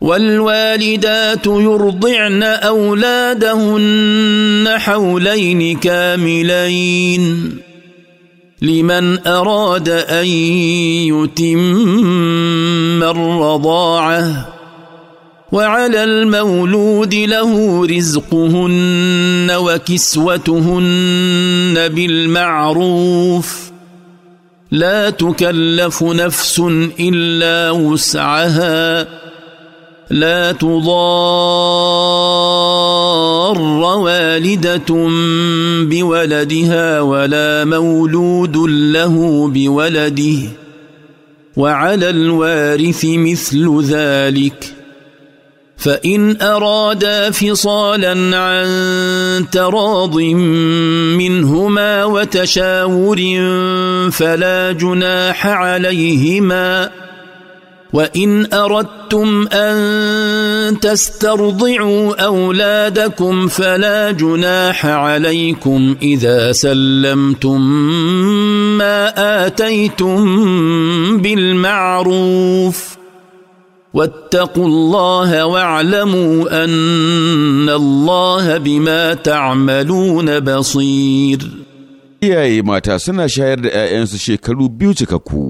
والوالدات يرضعن اولادهن حولين كاملين لمن اراد ان يتم الرضاعه وعلى المولود له رزقهن وكسوتهن بالمعروف لا تكلف نفس الا وسعها لا تضار والدة بولدها ولا مولود له بولده وعلى الوارث مثل ذلك فإن أرادا فصالا عن تراض منهما وتشاور فلا جناح عليهما وان اردتم ان تسترضعوا اولادكم فلا جناح عليكم اذا سلمتم ما اتيتم بالمعروف واتقوا الله واعلموا ان الله بما تعملون بصير iyaye mata suna shayar da 'ya'yansu shekaru biyu cikakku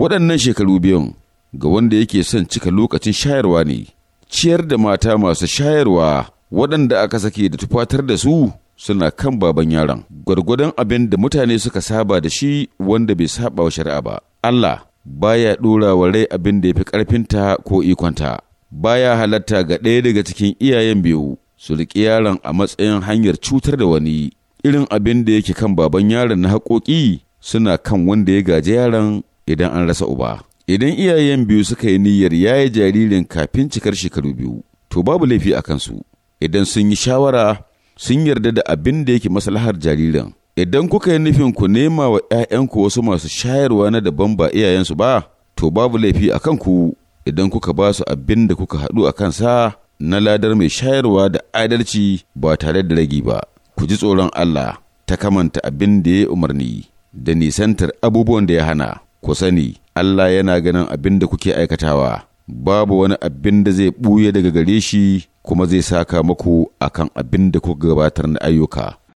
waɗannan shekaru biyun ga wanda yake son cika lokacin shayarwa ne ciyar da mata masu shayarwa waɗanda aka sake da tufatar da su suna kan baban yaron gwargwadon abin da mutane suka saba da shi wanda bai saba wa shari'a ba Allah baya ɗora wa rai abin da ya fi ƙarfinta ko ikonta baya halatta ga ɗaya daga cikin iyayen biyu su riƙi yaron a matsayin hanyar cutar da wani irin abin da yake kan baban yaron na haƙoƙi suna kan wanda ya gaji yaron idan an rasa uba. Idan iyayen biyu suka yi niyyar yaye jaririn kafin cikar shekaru biyu, to babu laifi a kansu. Idan sun yi shawara, sun yarda da abin da yake maslahar jaririn. Idan kuka yi nufin ku nema wa ‘ya'yanku wasu masu shayarwa na daban ba iyayensu ba, to babu laifi a kanku idan kuka ba su abin da kuka haɗu a kansa na ladar mai shayarwa da adalci ba tare da ragi ba. Ku ji tsoron Allah ta kamanta abin da ya umarni da nisantar abubuwan da ya hana. ku sani Allah yana ganin abin da kuke aikatawa babu wani abin da zai ɓuya daga gare shi kuma zai saka muku akan abin da kuka gabatar na ayyuka